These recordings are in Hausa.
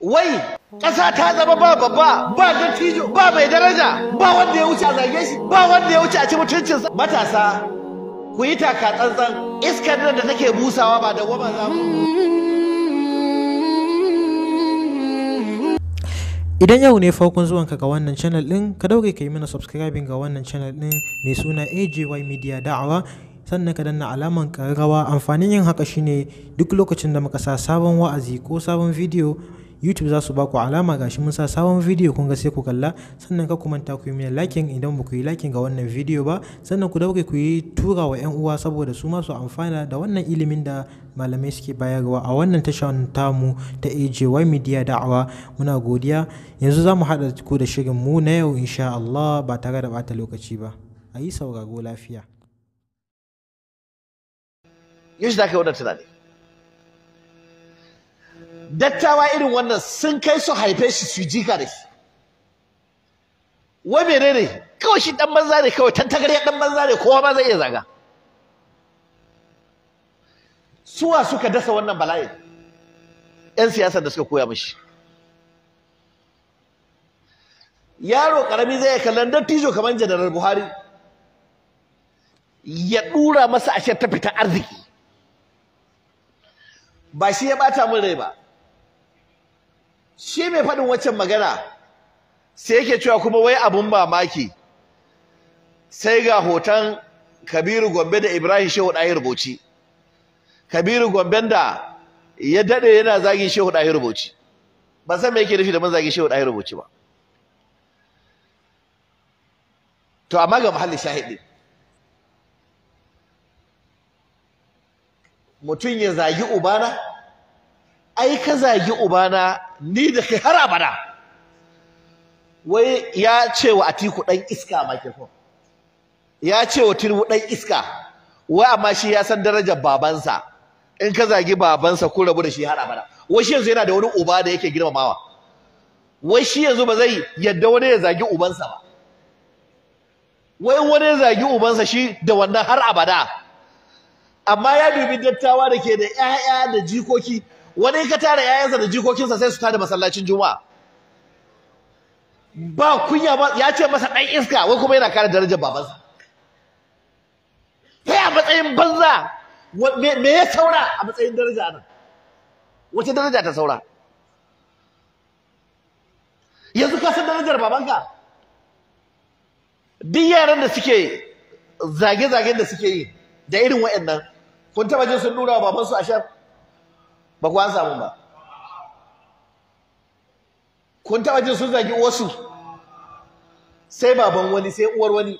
wai ƙasa ta zama ba babba ba dattijo ba mai daraja ba wanda ya wuce a zage shi ba wanda ya wuce a ci mutuncinsa matasa ku yi taka tsantsan iskar nan da take busawa ba da goma za Idan yau ne farkon zuwan ka ga wannan channel din ka dauke ka yi mana subscribing ga wannan channel din mai suna AJY Media Da'awa sannan ka danna alaman kararrawa amfanin yin haka shine duk lokacin da muka sa sabon wa'azi ko sabon video YouTube za su baku alama gashi mun sa sabon video kun ga sai ku kalla sannan ka kumanta ku yi mini liking idan ba ku yi liking ga wannan video ba sannan ku dauke ku yi tura wa 'yan uwa saboda su ma su amfana da wannan ilimin da malamai suke bayarwa a wannan tashar tamu ta AJY Media da'awa muna godiya yanzu za mu haɗa ku da shirin mu na yau insha Allah ba tare da bata lokaci ba a yi sauraro lafiya. Yau da aka yi wannan tunani. dattawa irin wannan sun kai su haife shi su jika da shi wai menene kawai shi dan banza ne kawai tantagarya dan banza ne kowa ma zai iya zaga suwa suka dasa wannan bala'in yan siyasa da suka koya mishi yaro karami zai kallon dattijo kamar janar buhari ya ɗura masa ashe ta fitan arziki ba shi ya bata min rai ba shi mai faɗin waccan magana sai yake cewa kuma wai abun mamaki sai ga hoton kabiru gombe da ibrahim shehu ɗahir bauchi kabiru gomben da ya daɗe yana zagin shehu ɗahir bauchi ba san me yake nufi da mun zagin shehu ɗahir bauchi ba to amma ga muhallin shahidi mutum ya zagi ubana ai ka zagi ubana ni da kai har abada wai ya ce wa atiku dan iska microphone ya ce wa tinubu dan iska wai amma shi ya san darajar babansa in ka zagi babansa ko rabu da shi har abada wai shi yanzu yana da wani uba da yake girmamawa wai shi yanzu ba zai yadda wani ya zagi ubansa ba wai wani ya zagi ubansa shi da wannan har abada amma ya dubi dattawa da ke da 'ya'ya da jikoki wani ka tara yayansa da jikokinsa sai su tada masallacin juma'a ba kunya ba ya ce masa ɗan iska wai kuma yana kare darajar babansa ta a matsayin banza me ya saura a matsayin daraja nan wace daraja ta saura yanzu ka san darajar babanka duk yaran da suke zage-zagen da suke yi da irin wa'annan kun taba jin sun nuna babansu a shar ba ku an samu ba kun taɓa jin sun zagi wasu sai baban wani sai uwar wani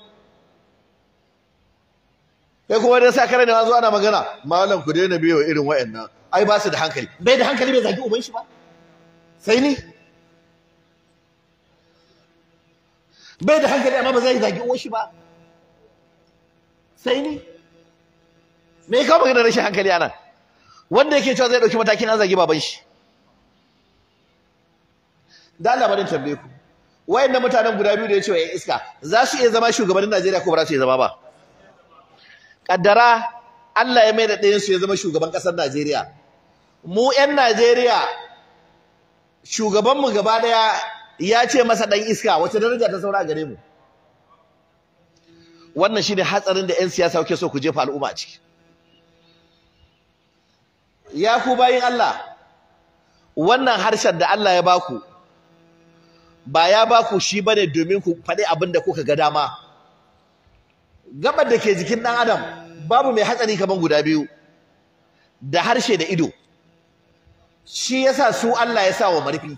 sai kuma dai sa kare ne zo ana magana malam ku daina biyo irin wayannan ai ba su da hankali bai da hankali bai zagi uban shi ba sai ni bai da hankali amma ba zai zagi uwan shi ba sai ni me ka magana rashin hankali anan wanda yake cewa zai dauki matakin azagi zagi baban shi da Allah barin tambaye ku wayannan mutanen guda biyu da yace wayan iska za su iya zama shugabannin Najeriya ko ba za su iya zama ba kaddara Allah ya mai da ɗayan su ya zama shugaban ƙasar Najeriya mu ƴan Najeriya shugaban gaba daya ya ce masa dan iska wace daraja ta saura gare mu wannan shine hatsarin da ƴan siyasa kuke so ku jefa al'umma ciki ya ku bayin Allah wannan harshen da Allah ya baku ba ya baku shi bane domin ku faɗi abin da kuka ga dama gabar da ke jikin ɗan adam babu mai hatsari kamar guda biyu da harshe da ido shi yasa su Allah ya sa wa marfi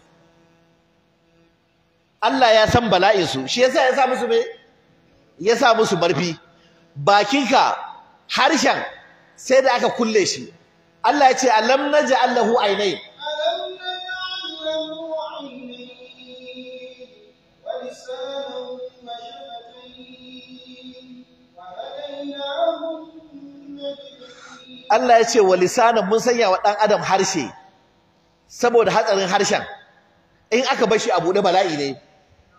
Allah ya san bala'insu shi yasa ya sa musu me ya sa musu marfi bakinka harshen sai da aka kulle shi Allah ya ce alam naj'al lahu aynay Allah ya ce wa lisanan mun sanya wa ɗan adam harshe saboda hatsarin harshen in aka bashi a buɗe bala'i ne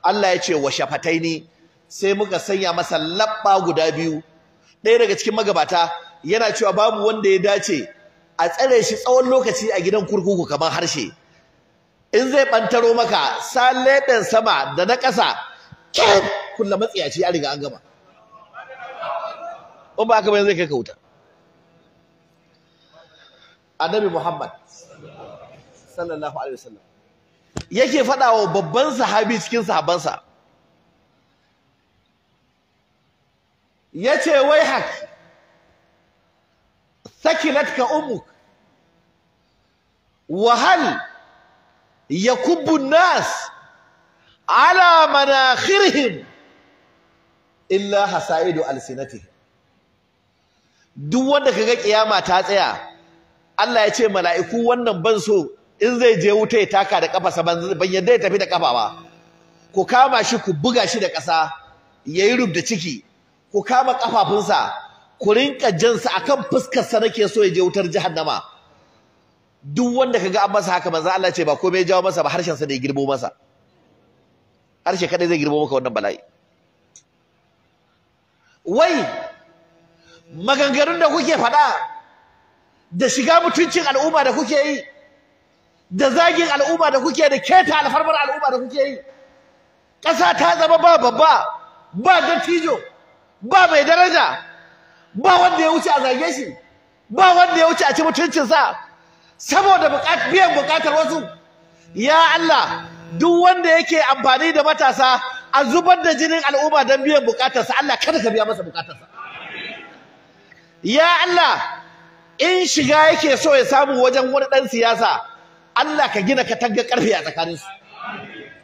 Allah ya ce wa shafataini sai muka sanya masa labba guda biyu ɗaya daga cikin magabata yana cewa babu wanda ya dace a tsare shi tsawon lokaci a gidan kurkuku kamar harshe in zai bantaro maka salleɗin sama da na ƙasa kyan kulla matsiyaci ya riga an gama in ba aka bayan zai kai ka wuta annabi muhammad sallallahu alaihi wasallam yake faɗa wa babban sahabi cikin sahabansa ya ce wai haka shakilatka ummuk wa hal yakubbu an-nas ala manakhirihim illa hasaidu sinati duk wanda kaga kiyama ta tsaya Allah ya ce mala'iku wannan ban so in zai je wuta ya taka da kafa saban ban yadda ya tafi da kafa ba ku kama shi ku buga shi da ƙasa yayi rubda ciki ku kama kafafunsa ku rinka jinsa akan fuskarsa nake so ya je wutar jahannama duk wanda kaga an masa haka manzo Allah ce ba komai jawo masa ba harshen sa da ya girbo masa harshe kadai zai girbo maka wannan bala'i wai maganganun da kuke faɗa da shiga mutuncin al'umma da kuke yi da zagin al'umma da kuke da keta alfarmar al'umma da kuke yi ƙasa ta zama ba babba ba dattijo ba mai daraja ba wanda ya wuce a zage shi ba wanda ya wuce a ci mutuncinsa saboda biyan bukatar wasu ya Allah duk wanda yake amfani da matasa a zubar da jinin al'umma don biyan bukatarsa Allah kada ka biya masa bukatarsa ya Allah in shiga yake so ya samu wajen wani dan siyasa Allah ka gina katanga karfi a tsakaninsu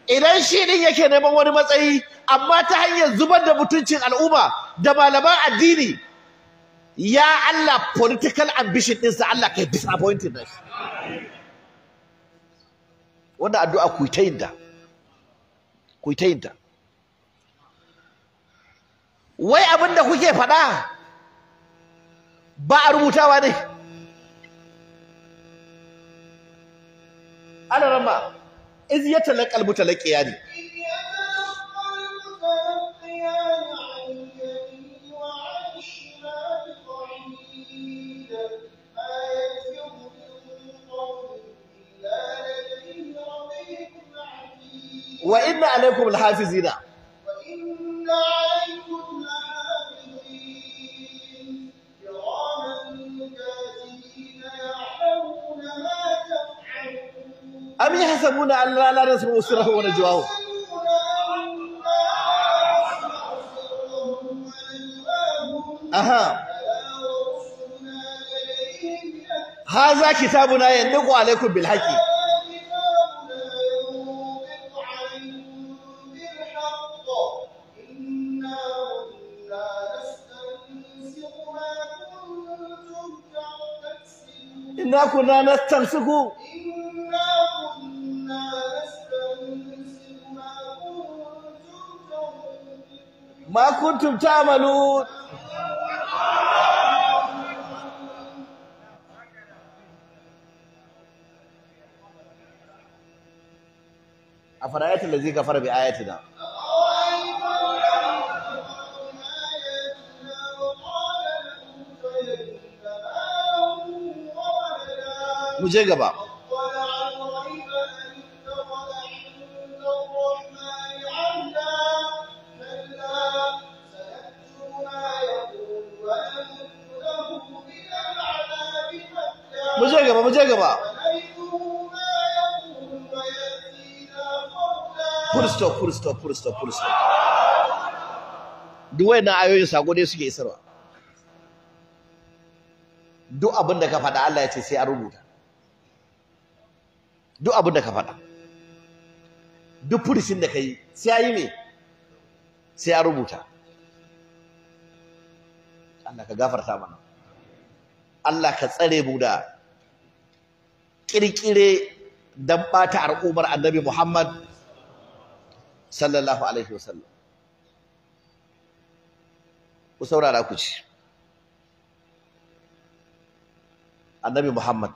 idan shi din yake neman wani matsayi amma ta hanyar zubar da mutuncin al'umma da malaman addini ya Allah political ambition sa Allah kai disappointed na shi addu'a ku ta yin ta ku ta yinda wai abinda kuke faɗa ba a rubutawa ne alarama iz ya talaqal mutalaqiyani وإن عليكم الحافظين وإن عليكم كراما كاتبين ما تفعلون أم يحسبون أن لا لا نسمع سره ونجواه أها هذا كتابنا يندق عليكم بالحكي kunna nastansiku ma kuntum a fara yati da zai gafara bi ayati na mu je gaba mu je gaba mu je gaba full stop full stop full stop full stop duk wayannan ayoyin sako dai suke isarwa duk abin da ka faɗa Allah ya ce sai a rubuta duk abin da ka faɗa duk furisin da ka yi sai ya yi me sai ya rubuta Allah ka gafarta mana Allah ka tsare mu da ƙirƙire don ɓata al'ummar annabi Muhammad sallallahu alaihi wasallam ku saurara ku ci annabi Muhammad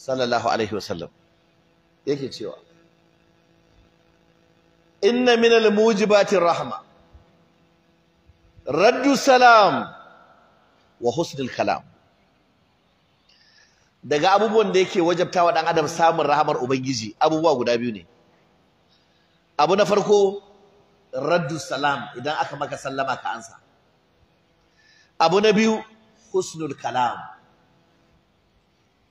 sallallahu alaihi wasallam yake cewa inna min al-mujibati rahma raddu salam wa husnul kalam daga abubuwan da yake wajabta wa dan adam samun rahamar ubangiji abubuwa guda biyu ne abu na farko raddu salam idan aka maka sallama ka ansa abu na biyu husnul kalam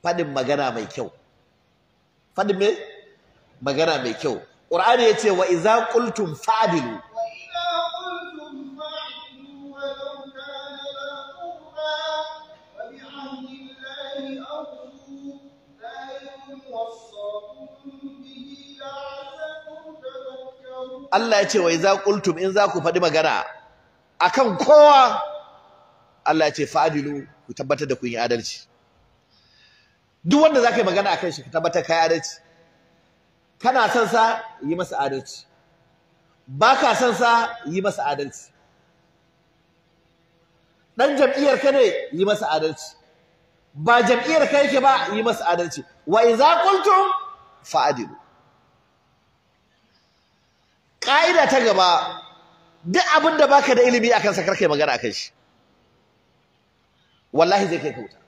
faɗin magana mai kyau faɗin me magana mai kyau qur'ani yace wa idza qultum fa'dilu Allah ya ce wai za qultum in za ku faɗi magana akan kowa Allah ya ce fa'dilu ku tabbatar da kun yi adalci duk wanda zaka yi magana akan shi ka tabbatar kai adalci kana son sa yi masa adalci baka son sa yi masa adalci dan jam'iyyar ka ne yi masa adalci ba jam'iyyar ka yake ba yi masa adalci wa idza qultum fa'adilu ka'ida ta gaba duk abin da baka da ilimi akan sa yi magana akan shi wallahi zai kai kauta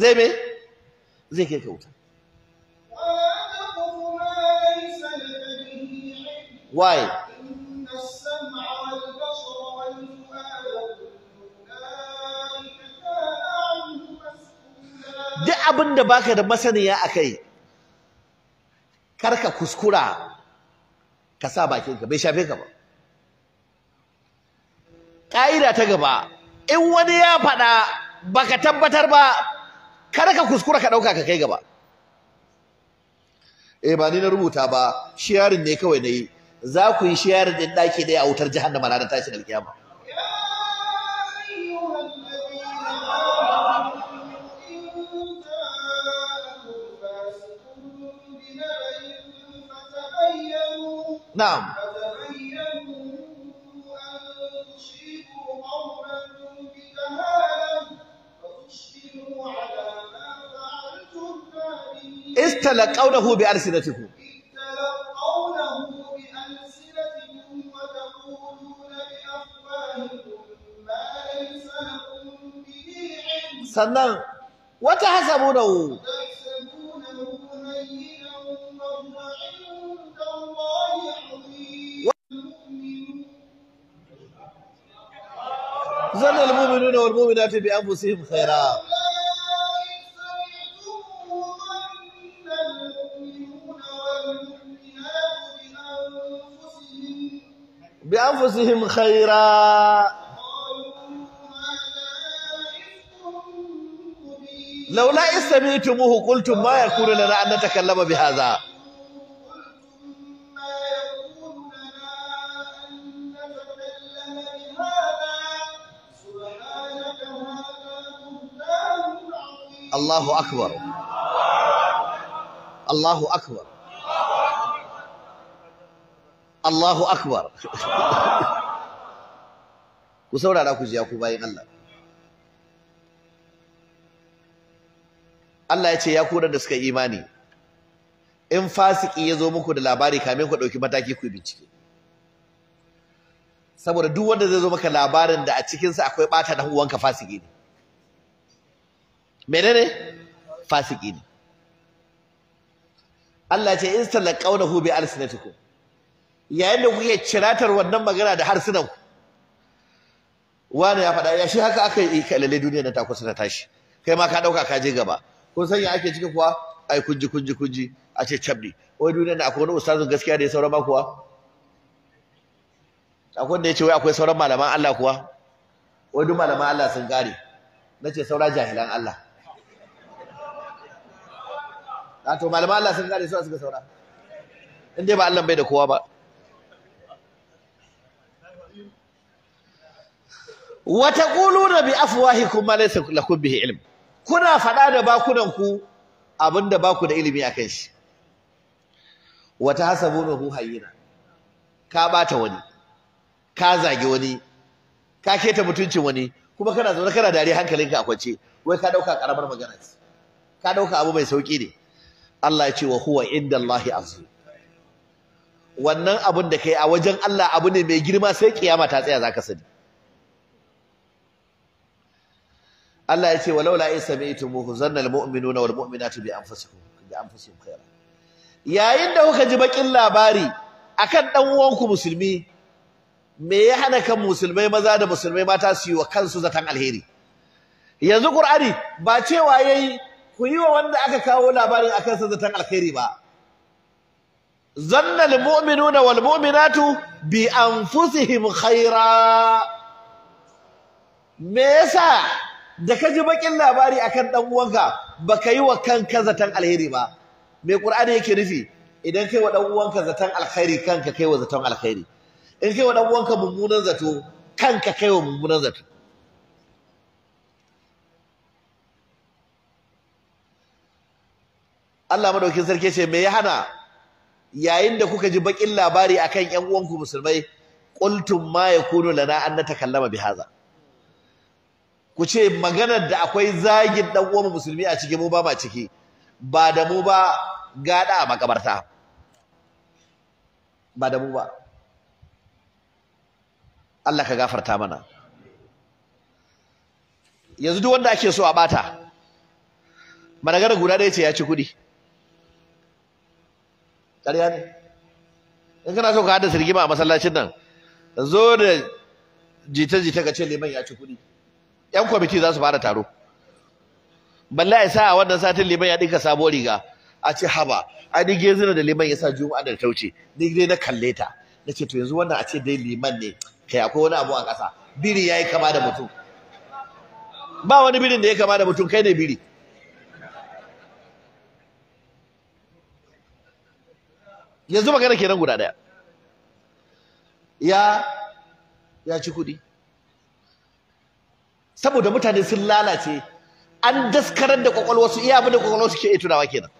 zai me zai kai kauta why duk abin da baka da masaniya akai karka kuskura ka sa bakinka bai shafe ka ba ƙa'ida ta gaba in wani ya faɗa baka tabbatar ba kada ka kuskura ka ɗauka ka kai gaba eh ba ni na rubuta ba shiyarin ne kawai na yi za ku yi shiyar ɗin ɗaki ɗaya a wutar jahannama ranar tashin alkiyama Na'am. istalaqawnahu bi sannan wata hasabunahu ظن المؤمنون والمؤمنات بأنفسهم خيرا أنفسهم خيرا لولا استمعتموه قلتم ما يكون لنا أن نتكلم بهذا الله أكبر الله أكبر Allahu akbar ku saurara ku jiya ku bayin Allah Allah ya ce ya kura da suka imani in fasiki ya zo muku da labari kamin ku ɗauki mataki ku bincike saboda duk wanda zai zo maka labarin da a cikinsa akwai ɓata da uwanka fasiki ne menene fasiki ne Allah ya ce in talaqawnahu bi alsinatikum yayin da kuke ciratar wannan magana da harsunan wani ya faɗa ya shi haka aka yi kalalle duniya na takwas na ta tashi kai ma ka ɗauka ka je gaba kun san ya ake ciki kuwa ai kunji kunji kunji a ce cabdi wai duniya na akwai wani ustazin gaskiya da ya sauran ma kuwa akwai wanda ya ce wai akwai sauran malaman Allah kuwa wai duk malaman Allah sun gare na ce saura jahilan Allah to malaman Allah sun gare su suka saura in dai ba Allah bai da kowa ba wa da bi afwahikum ma laysa lakum bihi ilm kuna faɗa da bakunanku abinda baku da ilimi akan shi wa tahsabunahu hayyina ka bata wani ka zage wani ka keta mutuncin wani kuma kana zaune kana dare hankalinka a kwance wai ka dauka karamar magana ce? ka dauka abu mai sauki ne Allah ya ce wa huwa inda Allahi azu wannan abin da kai a wajen Allah abu ne mai girma sai kiyama ta tsaya zaka sani Allah ya ce walau la isami'tumuhu zanna almu'minuna wal bi anfusihim bi anfusihim khaira yayin da kuka ji bakin labari akan dan uwanku musulmi me ya hana kan musulmai maza da musulmai mata su yi wa kansu zakan alheri yanzu qur'ani ba cewa yayi ku yi wa wanda aka kawo labarin akan sa alheri ba zanna almu'minuna wal bi anfusihim khaira me yasa da ka ji bakin labari akan dan uwanka baka yi wa kanka zaton alheri ba me qur'ani yake nufi idan kai wa dan uwanka zaton alheri, kanka kai wa zaton alheri. in kai wa dan uwanka mummunan zato kanka kai wa mummunan zato Allah madaukin sarki ce me ya hana yayin da kuka ji bakin labari akan yan uwanku musulmai qultum ma yakunu lana an natakallama bihaza ku ce maganar da akwai zagin dan uwan musulmi a cikin mu ba ma ciki ba da mu ba gada a makabarta ba da mu ba Allah ka gafarta mana yanzu duk wanda ake so a bata managar guda ɗaya ce ya ci kuɗi ƙarya ne in kana so ka haɗa rigima a masallacin nan zo da jita-jita ka ce liman ya ci kuɗi yan kwamiti za su fara taro balla ya sa a wannan satin liman ya dinka sabuwar riga a ce haba a ni gezina da liman ya sa juma'a da ta wuce ni dai na kalle ta na ce to yanzu wannan a ce dai liman ne kai akwai wani abu a ƙasa biri ya yi kama da mutum ba wani birin da ya kama da mutum kai ne biri yanzu magana kenan guda daya ya ya ci kuɗi saboda mutane sun lalace an daskarar da kwakwalwarsu iya abin da kwakwalwarsu ke tunawa kenan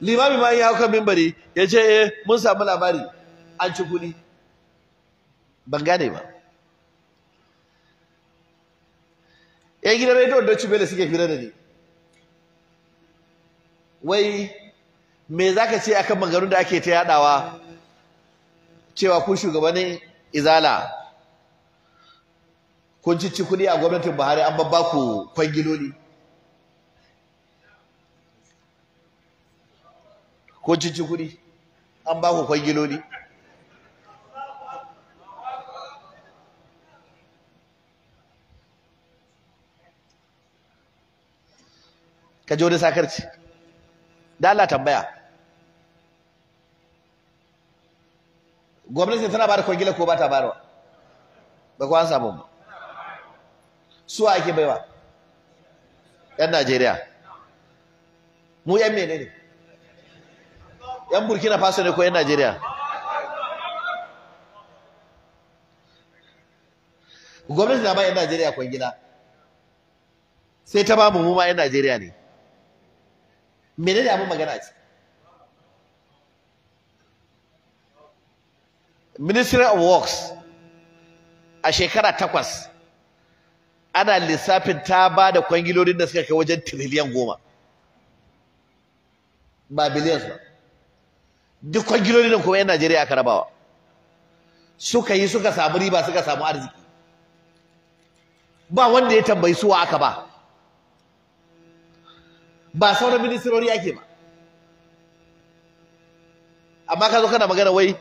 limami ma ya hau mimbari ya ce eh mun samu labari an ci kuli ban gane ba ya gina rediyon don da suke fira da ni wai me za ka ce akan maganganun da ake ta yadawa cewa ku shugabannin izala kun cici kuɗi a gwamnatin Buhari an babba ku kwangiloli kun cici kuɗi an ba ku kwangiloli ka ji wani sakarci da Allah tambaya gwamnati tana ba da kwangila ko ba ta ba bayarwa ba ku an samu ba Su ake baiwa yan Najeriya mu yan menene yan Burkina Faso ne ko yan Najeriya gwamnati na ba yan Najeriya kwan gida sai ta bamu mu ma yan Najeriya ne menene abin magana ce Ministry of Works a shekara takwas ana lissafin ta ba da kwangilorin da suka kai wajen tiriliyan goma ba billions ba duk kwangilorin nan kuma yan Najeriya aka rabawa suka yi suka samu riba suka samu arziki ba wanda ya tambayi suwa aka ba ba sauran ministirori ake ba amma ka zo kana magana wai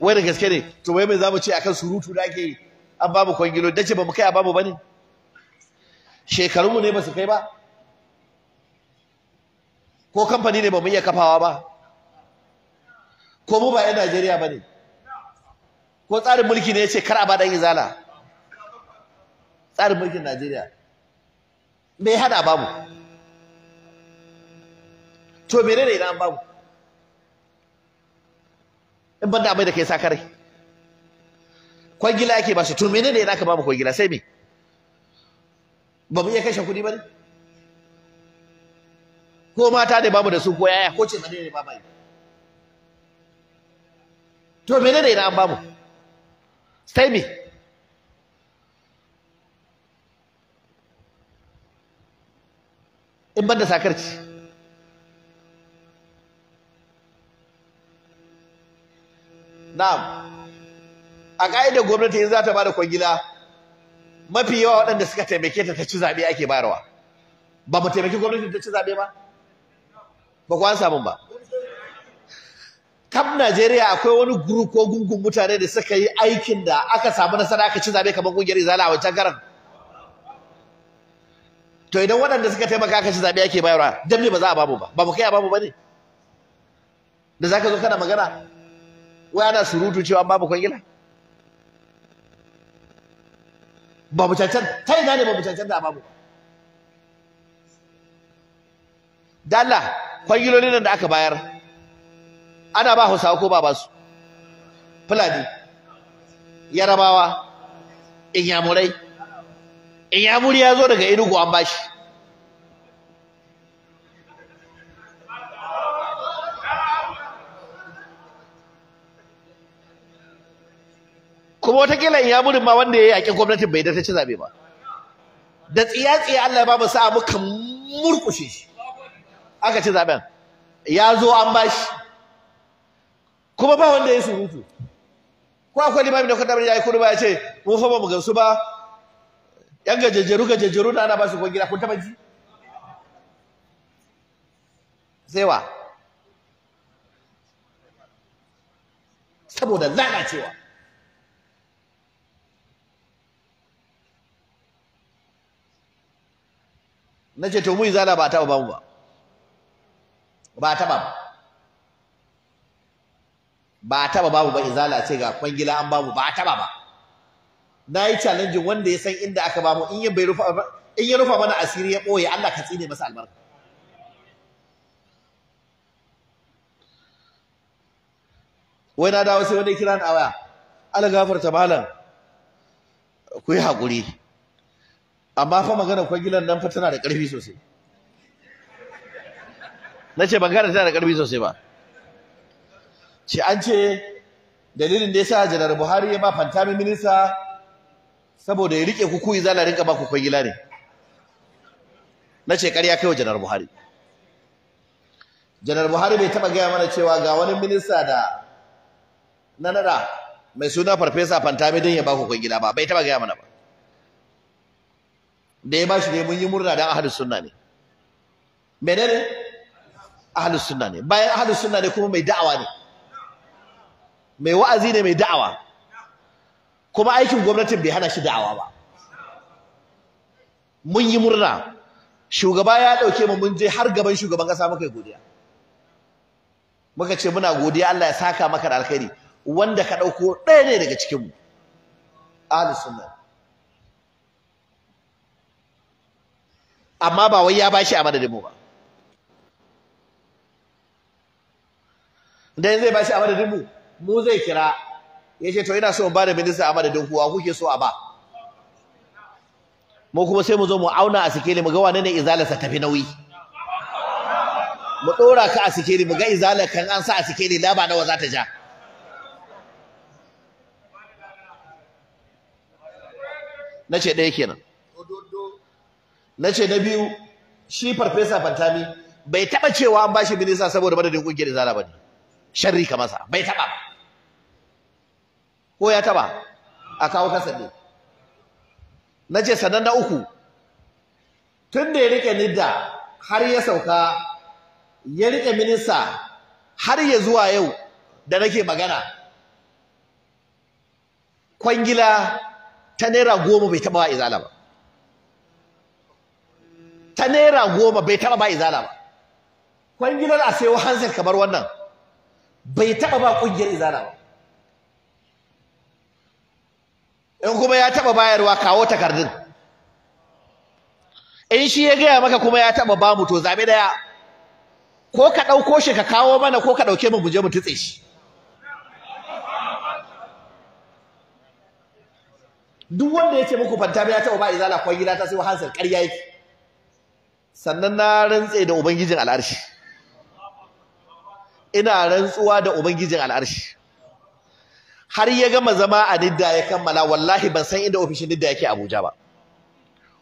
wai da gaske ne to wai me za mu ce akan surutu da ake yi an babu mu kwangilo dace ba mu kai a ba ne. bane shekarunmu ne ba su kai ba ko kamfani ne ba mu iya kafawa ba ko mu ba 'yan Najeriya ba ne ko tsarin mulki ne ya ce kar a ba ɗan izala tsarin mulkin Najeriya me hada babu to menene idan an babu in banda amai da kai sa kare kwangila ake ba su to menene yana ka ba mu kwangila sai me babu ya iya kashe kudi ba ne ko mata ne babu da su ko yaya ko ce mene ne ba to menene yana an bamu sai me in banda sakarci na'am a ƙa'idar gwamnati in za ta da kwangila mafi yawa waɗanda suka taimake ta ta ci zaɓe ake bayarwa ba mu taimaki gwamnati ta ci zaɓe ba ba ku an samu ba kam Najeriya akwai wani guru ko gungun mutane da suka yi aikin da aka samu nasara aka ci zaɓe kamar ƙungiyar Izala a wancan karan to idan waɗanda suka taimaka aka ci zaɓe ake bayarwa dan me ba za a babu ba ba mu kai a babu ba ne da zaka zo kana magana wai ana surutu cewa babu kwangila babu cancan ta ina ne babu cancan da babu Dalla kwangiloli nan da aka bayar ana ba Hausawa ko ba ba su Fulani Yarabawa Inyamurai Inyamuri ya zo daga Enugu an bashi kuma wata in ya burin ma wanda ya yi yaƙi gwamnatin bai da ta ci zaɓe ba da tsiya-tsiya Allah ya ba mu abu kan murkushe shi aka ci zaɓen ya zo an ba shi kuma ba wanda ya surutu ko akwai limami da kwata ya yi kudu ba ya ce mu fa ba mu gamsu ba yan gajejjeru gajejjeru da ana ba su gida kun taɓa ji sai wa saboda lalacewa na ce to mu izala ba taɓa mu ba ba taɓa ba ba taɓa bamu ba izala ce ga kwangila an mu ba taɓa ba na yi challenging wanda ya san inda aka ba in ya bai rufa in ya rufa mana asiri ya ɓoye Allah ka tsine masa albarka wai na dawo sai wani kiran na waya ala gafarta malam ku yi haƙuri amma fa magana kwagilan nan fa tana da ƙarfi sosai na ce bangare tana da ƙarfi sosai ba ce an ce dalilin da ya sa janar buhari ya ba fantami minista saboda ya rike kukuyi za zana rinka ba ku kwangila ne na ce ƙarya kai wa janar buhari janar buhari bai taɓa gaya mana cewa ga wani minista da na nada mai suna farfesa fantami don ya ba ku kwangila ba bai taɓa gaya mana ba da ya bashi ne mun yi murna dan ahlus sunna ne menene ahlus sunna ne bayan ahlus sunna ne kuma mai da'awa ne mai wa'azi ne mai da'awa kuma aikin gwamnatin bai hana shi da'awa ba mun yi murna shugaba ya dauke mu mun je har gaban shugaban kasa muka godiya muka ce muna godiya Allah ya saka maka da alkhairi wanda ka dauko ɗaya ne daga cikin mu ahlus sunna amma ba wai ya bashi a madadin mu ba dan zai bashi a madadin mu mu zai kira yace to ina so in bada minista a madadin kuwa kuke so a ba mu kuma sai mu zo mu auna a sikeli mu ga wane ne sa tafi nauyi mu dora ka a sikeli mu ga izalar kan an sa a sikeli laba nawa za ta ja nace ɗaya kenan Na ce na biyu shi farfesa Fantami bai taba cewa an bashi minista saboda madadin kungiyar Izala bane sharri ka masa bai taba ko ya taba a kawo kasar ne ce sanan na uku tun da ya rike nidda har ya sauka ya rike minista har ya zuwa yau da nake magana kwangila ta naira goma bai taba wa izala ba ta naira goma bai taɓa ba izala ba kwangilar a sayo hanset kamar wannan bai taɓa ba ƙungiyar izala ba in kuma ya taɓa bayarwa kawo takardun in shi ya gaya maka kuma ya taɓa ba mu to zaɓe ɗaya ko ka ɗauko shi ka kawo mana ko ka ɗauke mu mu je mu tutse shi duk wanda ya ce muku fanta ya taɓa ba izala kwangila ta sai wa hansar ƙarya yake sannan na rantse da ubangijin al'arshi ina rantsuwa da ubangijin al'arshi har ya gama zama a nidda ya kammala wallahi ban san inda ofishin nidda yake Abuja ba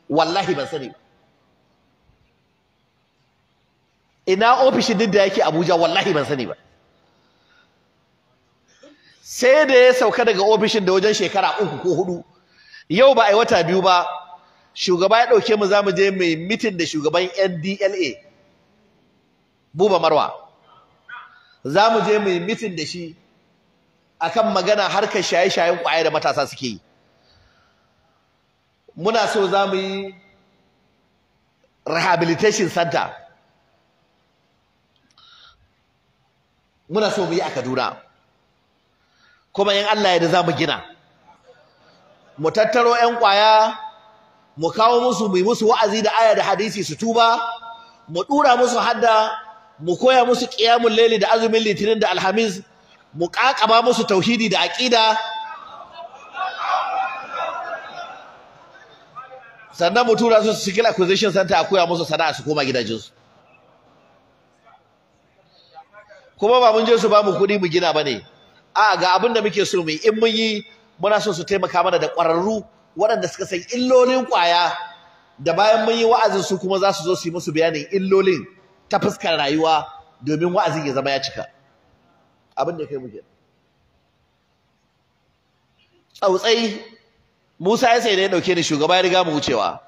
wallahi ban sani ina ofishin nidda yake Abuja wallahi ban sani ba sai da ya sauka daga ofishin da wajen shekara uku ko hudu yau ba a yi wata biyu ba shugaba ya ɗauke mu za mu je mai mitin da shugaban NDLA Buba Marwa za mu je mai mitin da shi akan magana harkar shaye-shayen kwaye da matasa suke yi muna so za yi rehabilitation center muna so mu yi a Kaduna kuma in Allah ya da zamu gina mu tattaro 'yan kwaya. mu kawo musu mu musu wa'azi da aya da hadisi su tuba mu dura musu hadda mu koya musu qiyamul layli da azumin litinin da alhamis mu kakaba musu tauhidi da aƙida. sannan mu tura su skill acquisition center a koya musu sana'a su koma su. kuma ba mun je su ba mu kuɗi mu gina bane a ga abin da muke so mu in mun yi muna so su taimaka mana da ƙwararru waɗanda suka san illolin ƙwaya da bayan mun yi wa'azin su kuma za su zo su yi musu bayanin illolin ta fuskar rayuwa domin wa'azin ya zama ya cika abin da kai muke tsautsai Musa ya sai ne ya ɗauke ni shugaba ya riga mu wucewa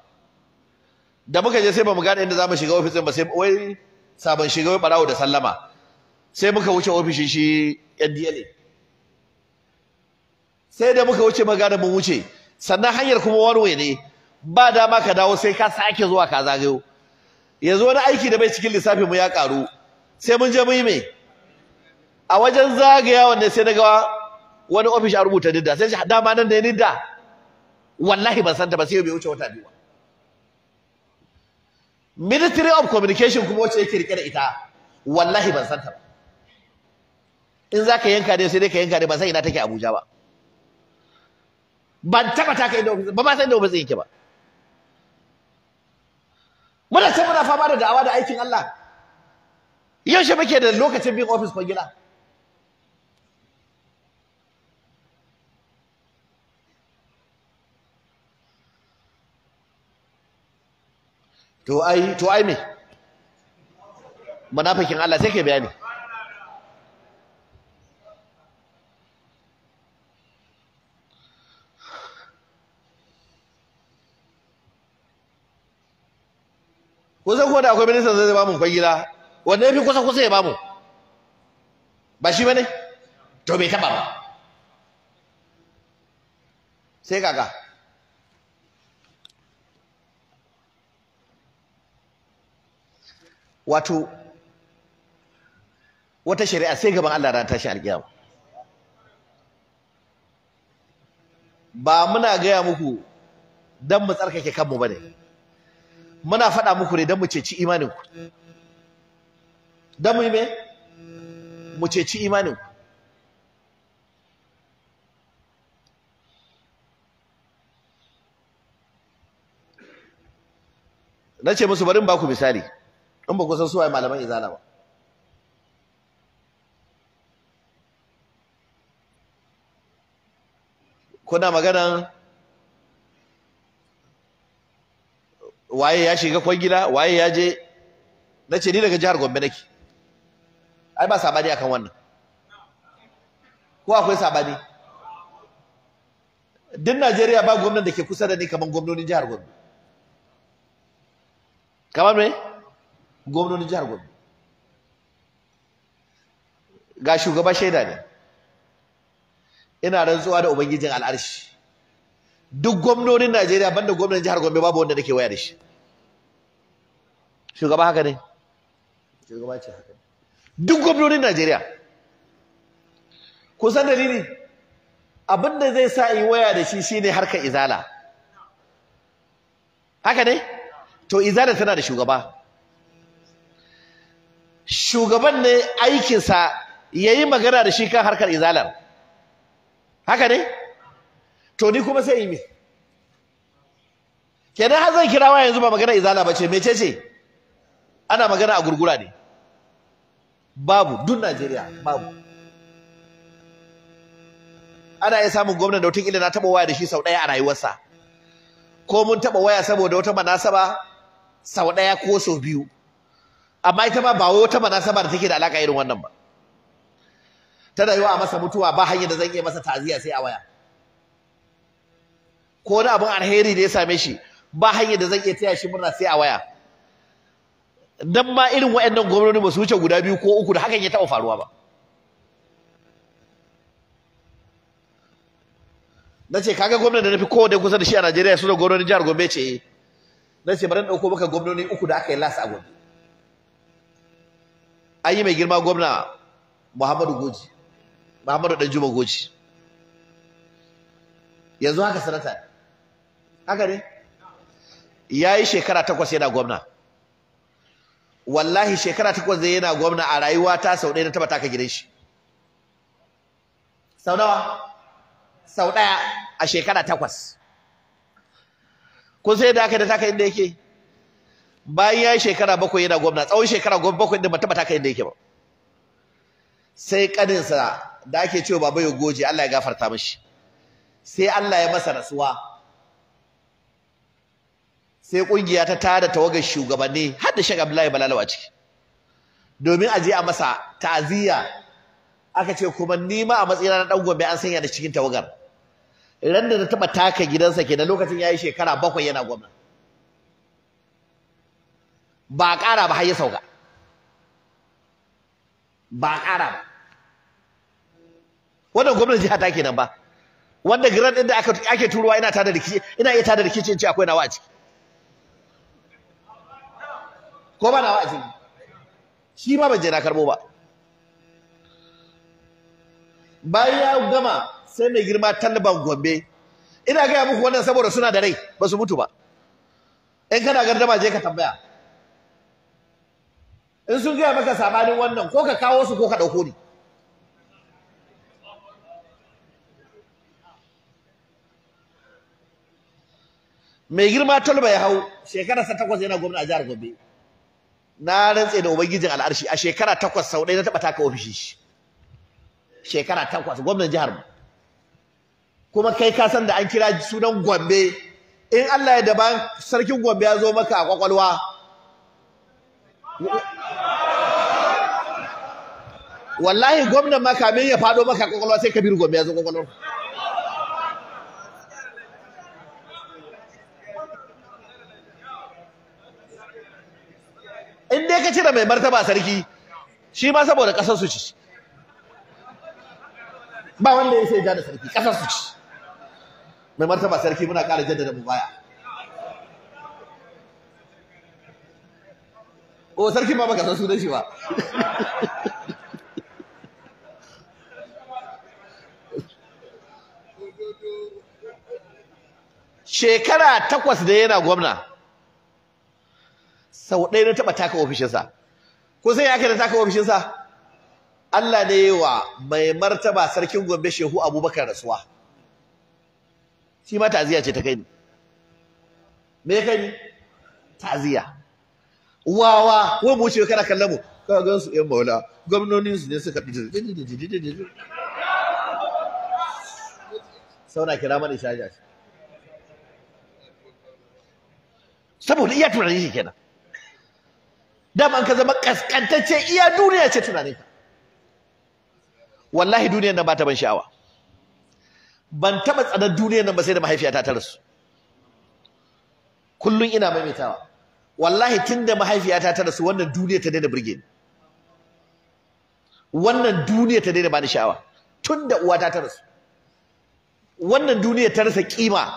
da muka je sai ba mu gane inda za mu shiga ofisin ba sai wai sabon shiga wai barawo da sallama sai muka wuce ofishin shi yan sai da muka wuce magana mun wuce sannan hanyar kuma warwe ne ba dama ka dawo sai ka sake zuwa ka zagayo yanzu wani aiki da bai cikin lissafin mu ya karu sai mun je mu yi me a wajen zagaya ne sai daga wani office a rubuta didda sai dama nan da ya nidda wallahi ban san ta ba sai bai wuce wata biyu Ministry of Communication kuma wacce yake rike da ita wallahi ban san ta ba in za ka yanka ne sai dai ka yanka ne ba san ina take Abuja ba ban taba taka kai ba ba san da zai yake ba muna ce muna fama da da'awa da aikin Allah yaushe muke da lokacin bin ofis fa gida to ai to ai me munafikin Allah sai ke bayani kusan ko da akwai ministan zai ba mu kwangila wanda ya fi kusa kusa ya ba mu ba shi ba ne to bai taɓa ba sai kaka wato wata shari'a sai gaban Allah ran tashi alkiyama ba muna gaya muku don mu tsarkake kanmu ba ne muna faɗa muku ne don mu ceci imaninku don mu yi mai mu ceci imaninku na ce musu barin baku misali in ba kusan suwaye malaman izala ba kuna maganan waye ya shiga kwangila waye ya je na ce ni daga jihar gombe nake ai ba sabani akan wannan ko akwai sabani duk najeriya ba gwamnan da ke kusa da ni kamar gwamnonin jihar gombe kamar me gwamnonin jihar gombe ga shugaba shaida ne ina rantsuwa da ubangijin al'arshi duk gwamnonin Najeriya banda gwamnan jihar Gombe babu wanda nake waya da shi shugaba haka ne shugaba ce haka duk gwamnonin Najeriya ku san dalili da zai sa in waya da shi shine harkar izala haka ne to izala tana da shugaba shugaban ne aikinsa ya yi magana da shi kan harkar izalar haka ne to ni kuma sai yi me kenan har zan kira waya yanzu ba magana izala bace ce mece ce ana magana a gurgura ne babu duk Najeriya babu ana iya samun gwamnan da wataƙila na taɓa waya da shi sau ɗaya a rayuwarsa ko mun taɓa waya saboda wata manasaba sau ɗaya ko sau biyu amma ita ma ba wata manasaba da take da alaƙa irin wannan ba tana yiwa a masa mutuwa ba hanyar da zan iya masa taziya sai a waya ko wani abin alheri da ya same shi ba hanyar da zan iya taya shi murna sai a waya dan ma irin waɗannan gwamnati ba su wuce guda biyu ko uku da hakan ya taɓa faruwa ba na ce kaga gwamnati da na fi da kusa da shi a Najeriya su da gwamnati jihar Gombe ce eh. na ce bari ɗauko maka gwamnoni uku da aka yi lasa a Gombe an yi mai girma gwamna Muhammadu Goji Muhammadu Danjuma Goji yanzu haka sanata ne haka ne ya yi shekara takwas yana gwamna wallahi shekara takwas zai yana gwamna a rayuwa ta sau ɗaya na taɓa taka gidan shi sau nawa sau ɗaya a shekara takwas kun sai da aka da taka inda yake bayan ya yi shekara bakwai yana gwamna tsawon shekara bakwai ɗin ba taɓa taka inda yake ba sai ƙaninsa da ake cewa baba ya goje Allah ya gafarta mashi sai Allah ya masa rasuwa sai kungiya ta tada tawagar shugabanni har da Sheikh Abdullahi Balalawa a ciki domin a je a masa ta'aziya, aka ce kuma ni ma a matsayina na dan gobe an sanya da cikin tawagar ran da na taba taka gidansa kenan lokacin yayi shekara bakwai yana gwamna ba ƙara ba har ya sauka ba ƙara ba wannan gwamnan jiha ta kenan ba wanda giran din da ake turuwa ina tada rikici ina iya tada rikici in ce akwai nawa a ciki ko ba a azumi shi ma ba je na karbo ba bayan ya gama sai mai girma talban gombe ina gaya muku wannan saboda suna da rai ba su mutu ba in kana gardama je ka tambaya in sun gaya maka sabanin wannan ko ka kawo su ko ka ɗauko ni mai girma talba ya hau shekararsa takwas yana gwamna a jihar gombe na rantse da ubangijin al'arshi a shekara takwas sau ɗaya na taɓa taka ofishi shi shekara takwas gwamnan jihar mu kuma kai ka san da an kira sunan Gombe in Allah ya daba sarkin Gombe ya zo maka a kwakwalwa wallahi gwamnan ma kamin ya fado maka a kwakwalwa sai Kabiru Gombe ya zo kwakwalwa in dai ka cire mai martaba sarki shi ma saboda kasar su ci ba wanda ya sai ja da sarki kasar su ci mai martaba sarki muna ƙara jaddada mu baya o sarki ma baka san sunan shi ba shekara takwas da yana gwamna sau ɗaya na taɓa taka ofishinsa ko sai ya kai taka ofishinsa Allah ne wa mai martaba sarkin Gombe Shehu Abubakar rasuwa shi ma taziya ce ta kai ni me kai ni taziya wawa wai mu ce kana kallon mu ka gan su yan maula gwamnonin su ne suka sauna kira mana shaja saboda iya tunani shi kenan dama ka zama kaskantacce iya duniya ce tunanin ka wallahi duniyar nan ba ta ban sha'awa ban taba tsada duniyar nan ba sai da mahaifiyata ta rasu kullun ina maimaitawa wallahi tunda mahaifiyata ta rasu wannan duniya ta daina burge ni wannan duniya ta daina bani sha'awa tunda uwata ta rasu wannan duniya ta rasa kima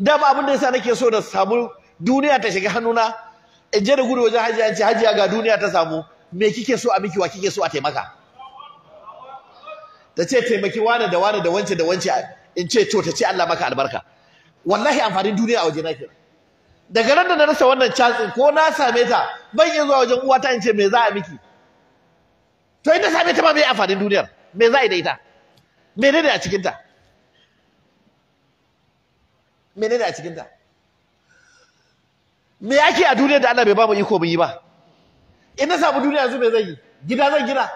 dama abin da yasa nake so da samu duniya ta shiga hannuna in je da gudu wajen hajiya ce hajiya ga duniya ta samu me kike so a miki wa kike so a taimaka ta ce taimaki wane da wane da wance da wance in ce to ta ce Allah maka albarka wallahi amfanin duniya a waje na daga nan da na rasa wannan chance ko na same ta ban iya zuwa wajen uwata in ce me za a miki to in na same ta ma me amfanin duniyar me za a yi da ita menene a cikin ta menene a cikin ta me ake a duniyar da Allah bai ba mu iko mu yi ba in na samu duniya yanzu me zai yi gida zan gina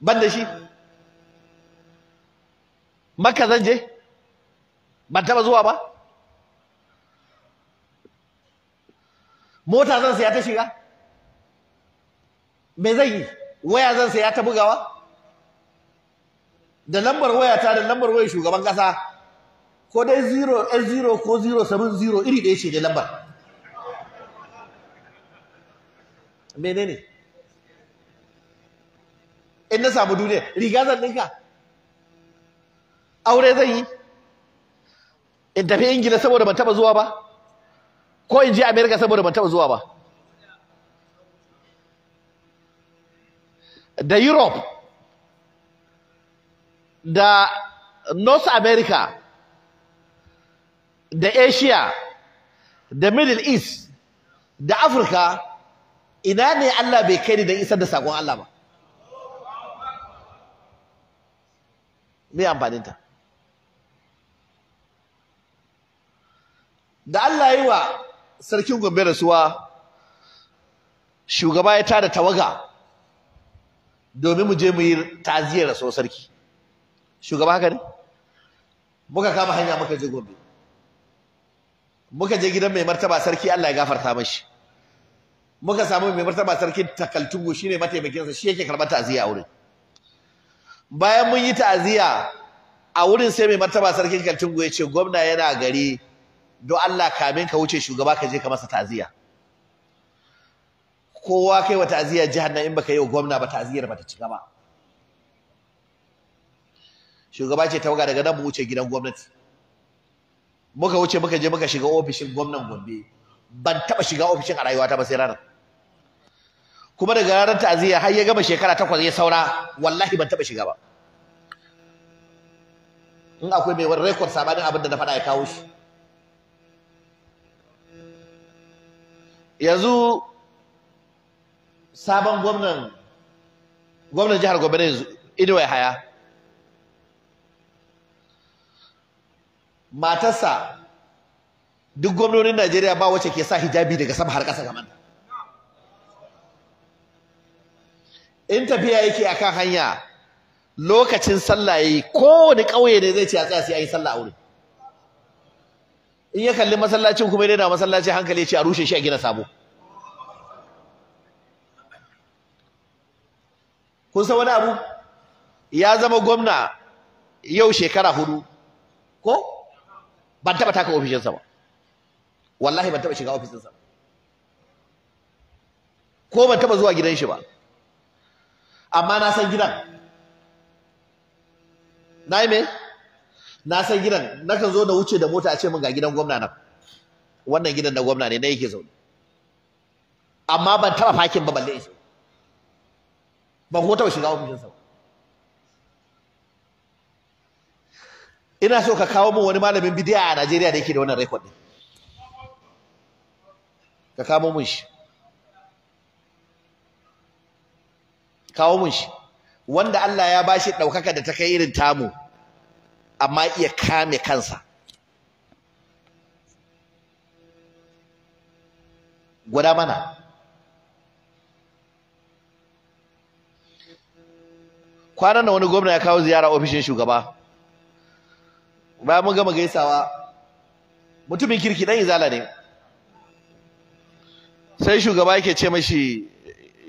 ban da shi makka zan je ban taba zuwa ba mota zan saya ta shiga me zan yi waya zan saya ta bugawa da lambar waya ta da lambar waya shugaban kasa ko dai 0 s zero ko 070 iri ɗaya ce da lambar menene in na samu duniya riga zan ɗinka aure zan yi in tafi ingila saboda ban taɓa zuwa ba ko in je america saboda ban taɓa zuwa ba da Europe da North America da Asia da Middle East da Africa ina ne Allah bai kai ni dan isar da sakon Allah ba me amfanin ta da Allah yi wa sarkin Gombe rasuwa shugaba ya tada tawaga domin mu je mu yi ta'aziyar rasuwar sarki shugaba haka ne muka kama hanya muka je Gombe muka je gidan mai martaba sarki Allah ya gafarta mashi muka samu mai martaba sarki takaltugo shine sa shi yake karɓar ta'aziyya a wurin bayan mun yi ta'aziyya a wurin sai mai martaba sarkin takaltugo ya ce gwamna yana gari do Allah kamin ka wuce shugaba ka je ka masa ta'aziya kowa kai wa ta'aziyya jihar nan in baka yi wa gwamna ba ta'aziyyar ba ta ci gaba shugaba ce ta tawaga daga nan mu wuce gidan gwamnati muka wuce muka je muka shiga ofishin gwamnan Gombe ban taba shiga ofishin a rayuwata ba sai rana, kuma daga ranar ta'aziyya har ya gama shekara takwas ya saura wallahi ban taba shiga ba in akwai mai wani rekod sabanin abin da na faɗa ya kawo shi yanzu sabon gwamnan gwamnan jihar Gombe ne yanzu Inuwa Haya matarsa duk gwamnonin Najeriya ba wacce ke sa hijabi daga sama har ƙasa kamar in tafiya yake a kan hanya lokacin sallah yayi kowane ƙauye ne zai ce a tsaya sai a yi sallah a wurin in ya kalli masallacin kuma ya daina masallaci hankali ya ce a rushe shi a gina sabo kun san wani abu ya zama gwamna yau shekara hudu ko ban taɓa taka sa ba wallahi ban taɓa shiga ofishin sa ko ban taɓa zuwa gidan shi ba amma na san gidan na me na san gidan nakan zo da wuce da mota a ce min ga gidan gwamna nan wannan gidan na gwamna ne na yake zaune amma ban taɓa fakin ba balle ban ko taɓa shiga ofishinsa ba ina so ka kawo min wani malamin bidiya a Najeriya da yake da wannan record din ka kawo mun shi kawo mun shi wanda Allah ya ba bashi daukaka da ta kai irin tamu amma iya kame kansa gwada mana kwanan da wani gwamna ya kawo ziyara ofishin shugaba bayan mun gama gaisawa mutumin kirki dan izala ne sai shugaba yake ce mashi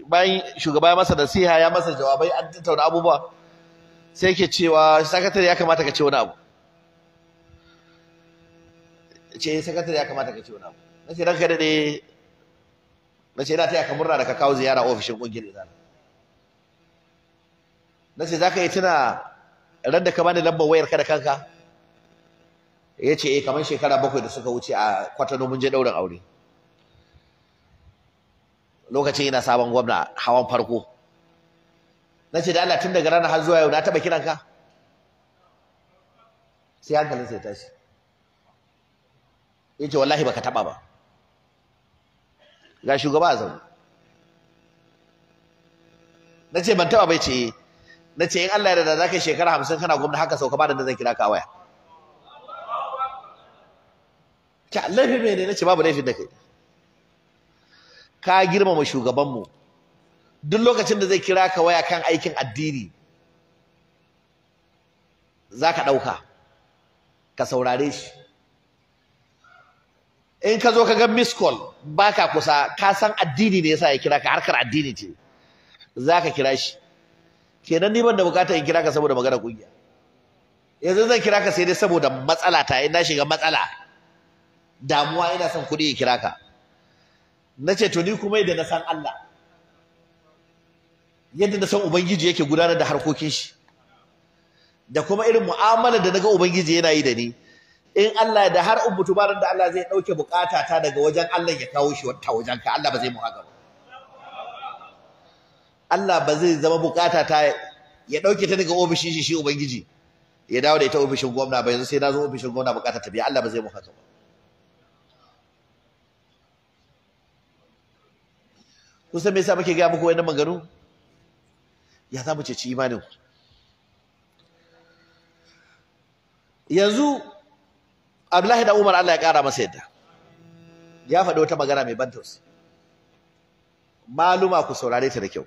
bayan shugaba ya masa nasiha ya masa jawabai an tattauna abubuwa sai yake cewa sakatare ya kamata ka ce wani abu ce sakatare ya kamata ka ce wani abu ce ranka dade ce ina taya ka murna da ka kawo ziyara ofishin kungiyar izala Na za zaka yi tuna ran da ka bani lambar wayar ka da kanka ya ce eh kamar shekara bakwai da suka wuce a kwatano mun je ɗaurin aure lokacin yana sabon gwamna hawan farko na ce da Allah tun daga ranar har zuwa yau na taɓa kiran ka sai hankalin sai tashi ya ce wallahi baka taɓa ba ga shugaba a zaune na ce ban taɓa bai ce eh. na ce in Allah ya da za ka shekara hamsin kana gwamna haka sauka ba da zan kira ka waya ka laifin ne nace babu laifin da kai ka girmama shugabanmu duk lokacin da zai kira ka waya kan aikin addini za ka ɗauka ka saurare shi in ka zo ka ga miss call ba ka kusa ka san addini ne yasa ya kira ka harkar addini ce za ka kira shi kenan ni ban da bukata in kira ka saboda magana kungiya yanzu zan kira ka sai dai saboda matsala ta in na shiga matsala damuwa yana son kuɗi ya kira ka na ce to ni kuma yadda na san Allah yadda na san ubangiji yake gudanar da harkokin shi da kuma irin mu'amalar da naga ubangiji yana yi da ni in Allah da har ubutu baran da Allah zai dauke bukata ta daga wajen Allah ya kawo shi wata wajen ka Allah ba zai mu haka ba Allah ba zai zama bukata ta ya dauke ta daga ofishin shi shi ubangiji ya dawo da ita ofishin gwamna ba yanzu sai na zo ofishin gwamna bukata ta biya Allah ba zai mu haka ba kun san me yasa muke gaya muku wannan maganganu ya za mu ceci imanin yanzu Abdullahi da Umar Allah ya kara masa yadda ya faɗi wata magana mai ban tausayi maluma ku saurare ta da kyau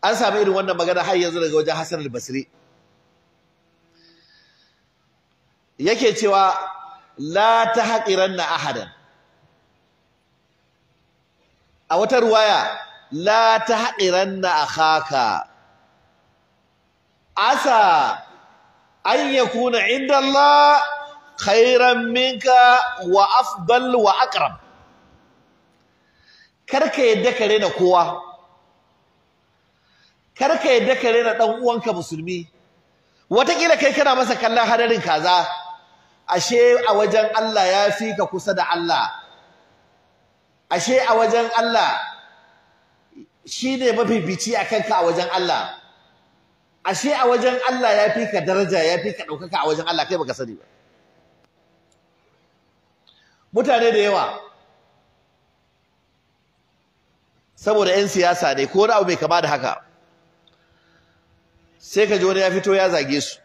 an sami irin wannan magana har yanzu daga wajen Hassan al-Basri yake cewa la na ahadan a wata ruwaya la ta a akhaka asa an kuna inda Allah khairan minka wa afdal wa akram karka yadda dakare na kowa karka yadda dakare na dan uwanka musulmi watakila kai kana masa kallon hadarin kaza ashe a wajen Allah ya fi ka kusa da Allah ashe a wajen Allah shi ne mafifici a kanka a wajen Allah ashe a wajen Allah ya fi ka daraja ya fi ka ɗaukaka a wajen Allah kai baka sani ba mutane da yawa saboda 'yan siyasa ne ko abu mai kama da haka sai ka ji wani ya fito ya zage su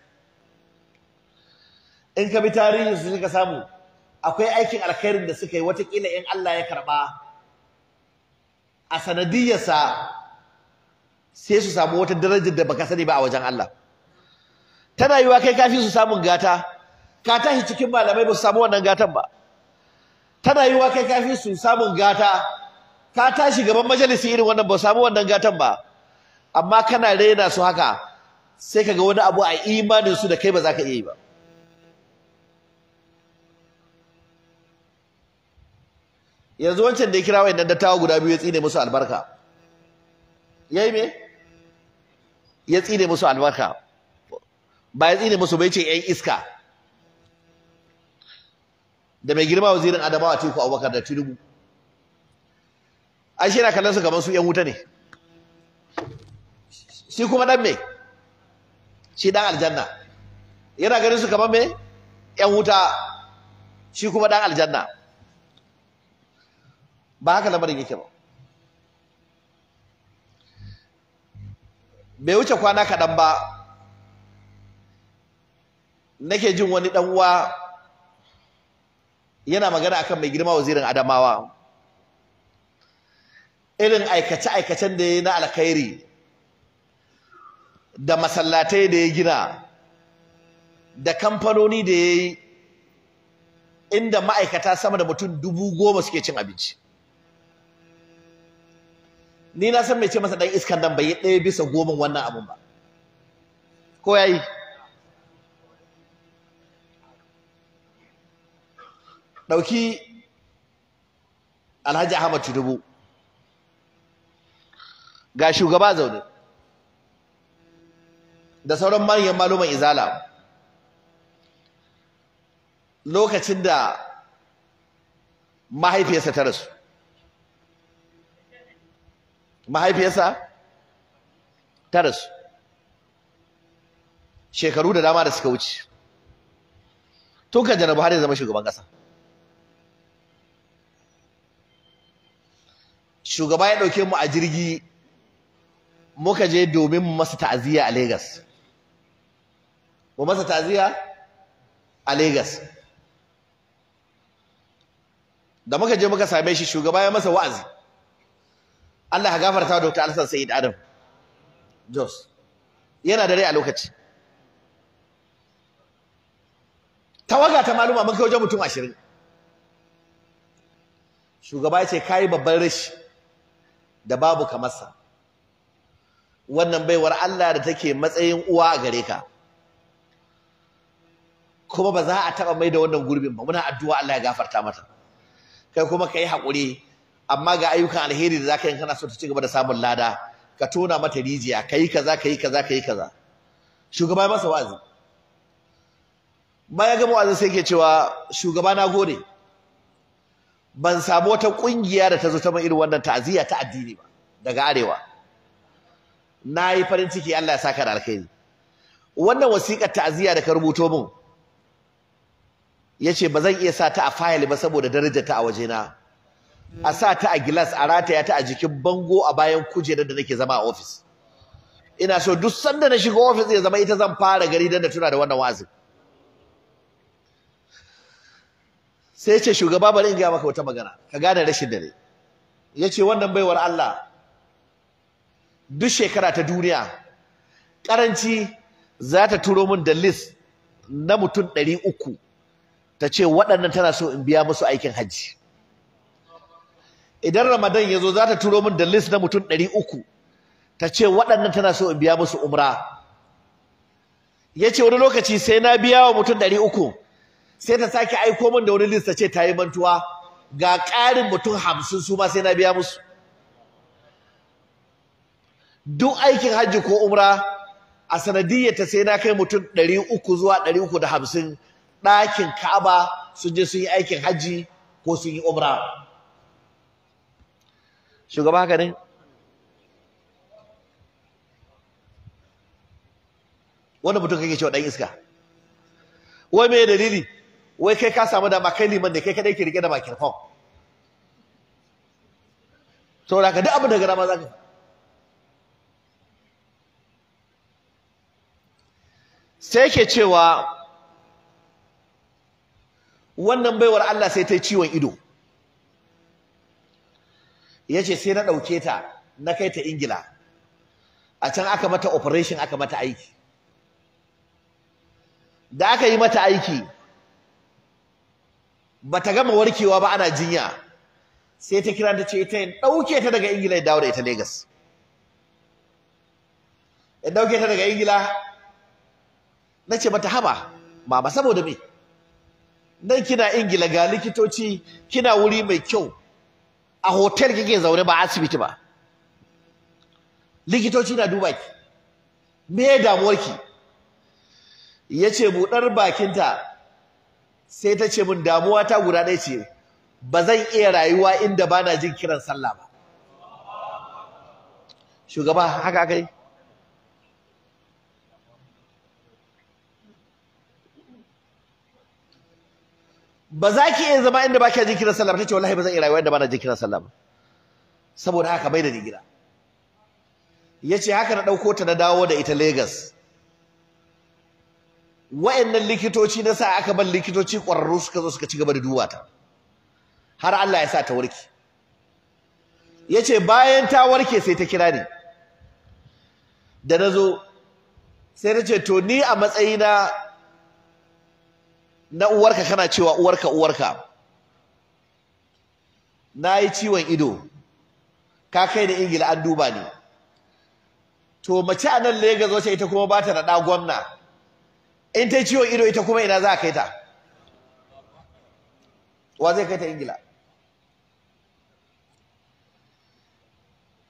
in ka bi tarihin su ka samu akwai aikin alkhairin da suka yi watakila in Allah ya karba a sanadiyarsa sai su samu wata darajar da baka sani ba a wajen Allah tana yiwa kai kafin su samu gata ka tashi cikin malamai ba su samu wannan gatan ba tana yiwa kai kafin su samu gata ka tashi gaban majalisi irin wannan ba su samu wannan gatan ba amma kana raina su haka sai kaga wani abu a imanin su da kai ba za ka iya yi ba yanzu wancan da ya kira wayannan dattawa guda biyu ya tsine musu albarka yayi me ya tsine musu albarka ba ya tsine musu bai ce yan iska da mai girma wazirin Adamawa Tiku Abubakar da Tinubu ai shi kallon su kamar su yan wuta ne shi kuma dan me shi dan aljanna yana ganin su kamar me yan wuta shi kuma dan aljanna ba haka lamarin yake ba bai wuce kwana kaɗan ba nake jin wani ɗan uwa yana magana akan mai girma wazirin adamawa irin aikace-aikacen da ya na alkhairi da masallatai da ya gina da kamfanoni da ya yi inda ma'aikata sama da mutum dubu goma suke cin abinci ni na san mai ce masa dan iska nan bai ɗaya bisa goma wannan abun ba ko yayi ɗauki alhaji ahmad tudubu ga shugaba zaune da sauran manyan maluman izala lokacin da mahaifiyarsa ta rasu mahaifiyarsa ta rasu shekaru da dama da suka wuce tun kan janar buhari ya zama shugaban ƙasa shugaba ya ɗauke mu a jirgi muka je domin masa ta'aziyya a Legas. Mu masa ta'aziyya a Legas. Da muka je muka same shi shugaba ya masa wa'azi. Allah ya gafarta Dr. Alhassan Said Adam Jos yana da rai a lokaci tawaga ta maluma mun kai wajen mutum ashirin. shugaba ya ce kai babban rashi da babu kamarsa wannan baiwar Allah da take matsayin uwa a gare ka kuma ba za a taba mai da wannan gurbin ba muna addu'a Allah ya gafarta mata kai kuma ka yi haƙuri amma ga ayyukan alheri da zaka yi kana so ta ci gaba da samun lada ka tona mata rijiya kai kaza kai kaza kai kaza shugaba masa wa'azi baya gama wa'azi sai ke cewa shugaba na gode ban samu wata kungiya da ta zo ta mai irin wannan ta'aziyya ta addini ba daga arewa na yi farin ciki Allah ya saka da alkhairi wannan wasiƙar ta'aziya da ka rubuto min yace ba zan iya sa ta a fayil ba saboda darajar ta a wajena a sa ta a gilas a rataya ta a jikin bango a bayan kujerar da nake zama a ofis ina so duk sanda na shiga ofis ya zama ita zan fara gari dan da tuna da wannan wazin sai ce shugaba bari in ga maka wata magana ka gane rashin dare yace wannan baiwar Allah duk shekara ta duniya karanci za ta turo min da list na mutum ɗari uku ta ce waɗannan tana so in biya musu aikin hajji idan ramadan ya zo za ta turo min da list na mutum ɗari uku ta ce waɗannan tana so in biya musu umra ya ce wani lokaci sai na biya wa mutum ɗari uku sai ta sake aiko min da wani list ta ce ta yi mantuwa ga ƙarin mutum hamsin su ma sai na biya musu duk aikin hajji ko umra a ta sai na kai mutum ɗari uku zuwa ɗari uku da hamsin ɗakin ka'aba sun je sun yi aikin hajji ko sun yi umra shugaba haka ne wanda mutum kake cewa ɗan iska wai mai dalili wai kai ka samu dama kai liman ne kai kadai ke rike da bakin fon saboda ka duk abin da gara ma za ka sai ke cewa wannan baiwar Allah sai ta yi ciwon ido yace sai na ɗauke ta na kai ta ingila a can aka mata operation aka mata aiki da aka yi mata aiki ba ta gama warkewa ba ana jinya sai ta kira ta ce ita yi ɗauke ta daga ingila ya dawo da ita Legas. in ɗauke ta daga ingila na ce mata haba mama saboda me nan kina ingila ga likitoci kina wuri mai kyau a hotel kike zaune ba asibiti ba likitoci na duba ki me damuwar ki yace buɗar bakinta sai ta ce min damuwa ta guda ɗaya ce ba zan iya rayuwa inda bana jin kiran sallah ba shugaba haka kai ba za ki iya zama inda ba kya jin kiran sallah ba tace wallahi ba zan iya rayuwa inda ba na jin kiran sallah saboda haka bai da ni gida yace haka na ɗauko ta na dawo da ita Lagos wa'annan likitoci na sa aka ban likitoci ƙwararru suka zo suka ci gaba da duba ta har Allah ya sa ta warke yace bayan ta warke sai ta kira ni da nazo sai na ce to ni a matsayina na uwarka kana cewa uwarka uwarka na yi ciwon ido ka kai da ingila an duba ni to mace a nan Legas wacce ita kuma ba ta da gwamna in ta ciwon ido ita kuma ina za a kai ta wa zai kai ta ingila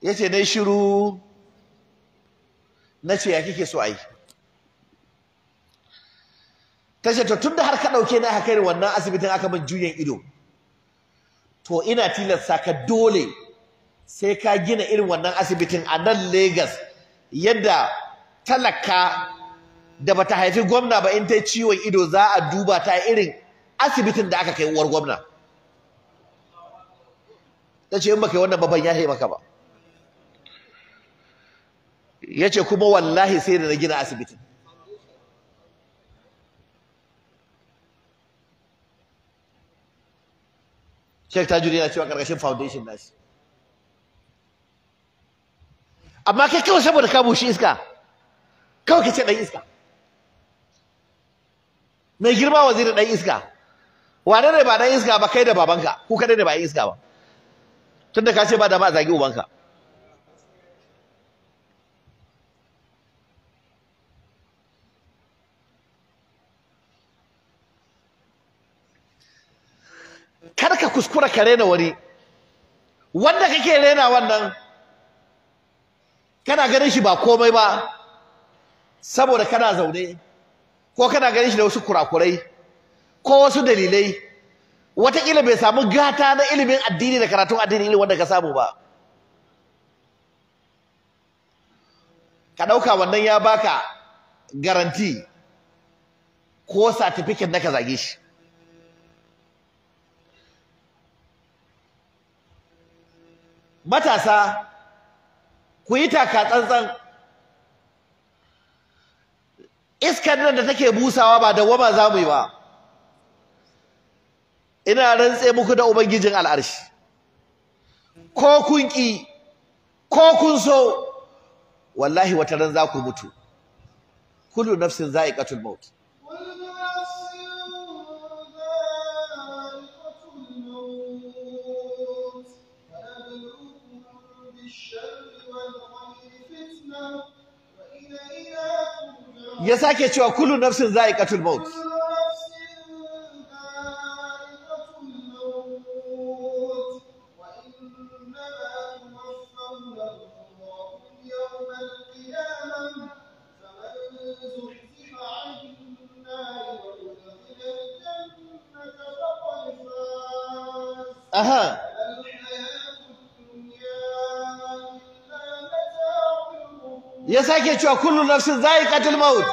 ya ce na shiru na ce ya kike so a ta ce to tunda har ka ɗauke na haka wannan asibitin aka min juyan ido to ina tilasta ka dole sai ka gina irin wannan asibitin a nan Legas yadda talaka da bata haifi gwamna ba in ta ciwon ido za a duba ta irin asibitin da aka kai uwar gwamna ta ce in baka yi wannan babban ya maka ba ya ce kuma wallahi sai da na gina asibitin Sheikh Tajuri yana cewa karkashin foundation nashi amma kai kawai saboda ka bushi iska kawai ka ce dan iska mai girma waziri dan iska wane ne ba dan iska ba kai da babanka ku kadai ne ba iska ba tunda ka ce ba da ma zagi ubanka kar ka kuskura ka rena wani wanda kake rena wannan kana ganin shi ba komai ba saboda kana zaune ko kana ganin shi da wasu kurakurai ko wasu dalilai wataƙila bai samu gata na ilimin addini da karatun addini ilimin wanda ka samu ba ka ɗauka wannan ya baka garanti ko satifikin na ka zage shi matasa ku yi taka tsantsan iskar nan da take busawa ba da wama za mu yi ba ina rantse muku da ubangijin al'arshi ko kun ki ko kun so wallahi wata ran za ku mutu kullu nafsin za'iqatul maut ya sake cewa kullu nafsin za za'iqatul maut لك كل نفس ذائقة الموت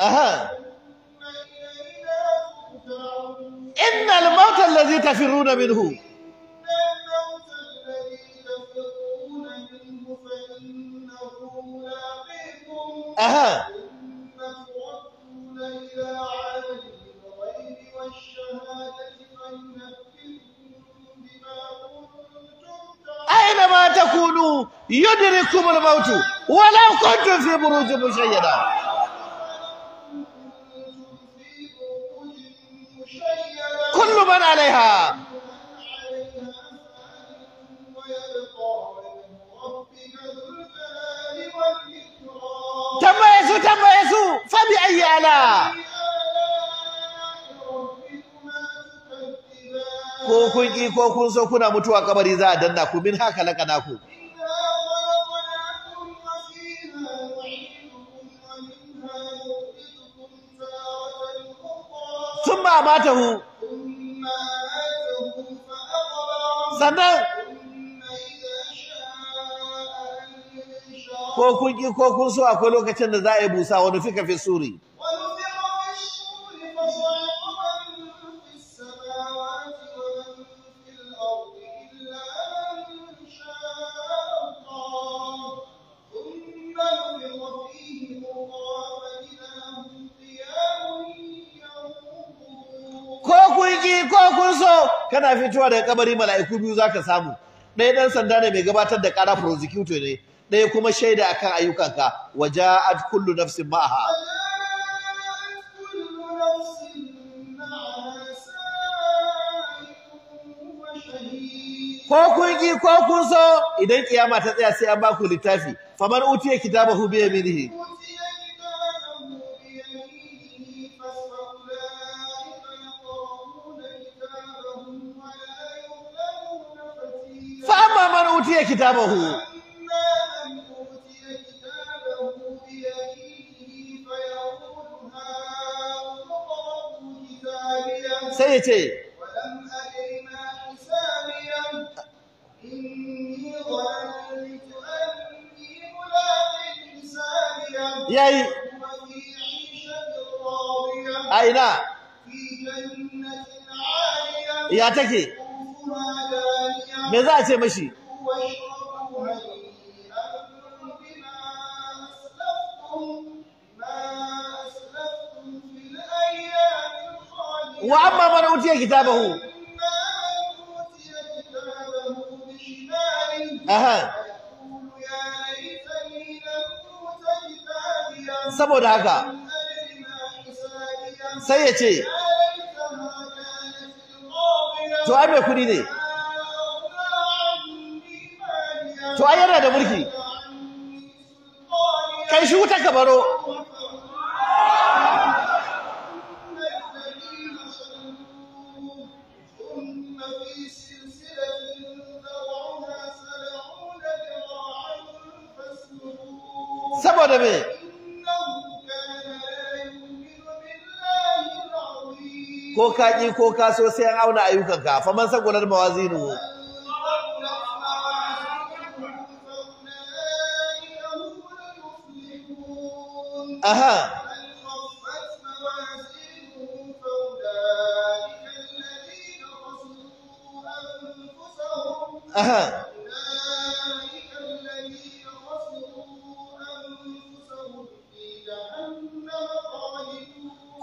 أها إن الموت الذي تفرون منه أها يدرككم الموت ولو كنتم في بروج مشيدة كل من عليها تم يسو فبأي آلاء ko kun ki ko kun so kuna mutuwa kabari za a danna ku min haka laka naku thumma amatahu sannan ko kun ko kun so akwai lokacin da za a yi busa wani fika fi suri ko kun so kana fitowa daga kabari mala'iku biyu za ka samu ɗaya ɗan sanda ne mai gabatar da kara prosecutor ne ɗaya kuma shaida akan ayyukanka waja'at kullu nafsin ma'aha ko kun ki ko kun so idan kiyama ta tsaya sai an ba ku littafi faman utiya kitabahu bi yaminihi zabar hut yakita bahu udiaaau me za a ce mashi wa amma man utiya kitabahu aha saboda haka sai ya ce to ai mai kudi ne to ai yana da mulki kai shi wuta ka baro ka ƙi ko ka so sai an auna ayyukanka fa man sagunar mawazinu aha Uh-huh.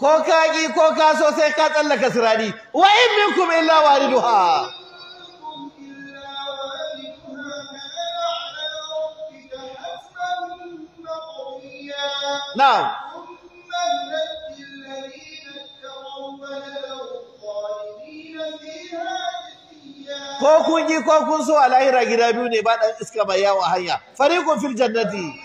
كوكاجي كوكاسو سيكات الله كسراني وإن منكم إلا واردها نعم كوكو كوكوجي كوكوسو على هيرا غيرابيو بعد اسكابا يا وهايا فريق في الجنة دي.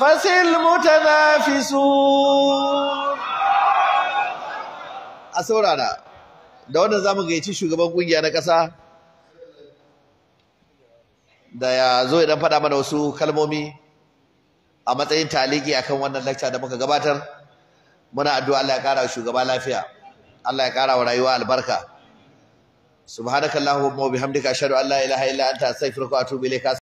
fasilmu mutanafisu a saurara da wannan zamu gayyaci shugaban kungiya na ƙasa da ya zo idan faɗa mana wasu kalmomi a matsayin taliki akan wannan lecture da muka gabatar muna addu'a Allah ya ƙara wa shugaba lafiya Allah ya ƙara wa rayuwa albarka subhanakallahumma wa bihamdika ashhadu an la ilaha illa anta astaghfiruka wa atubu ilayka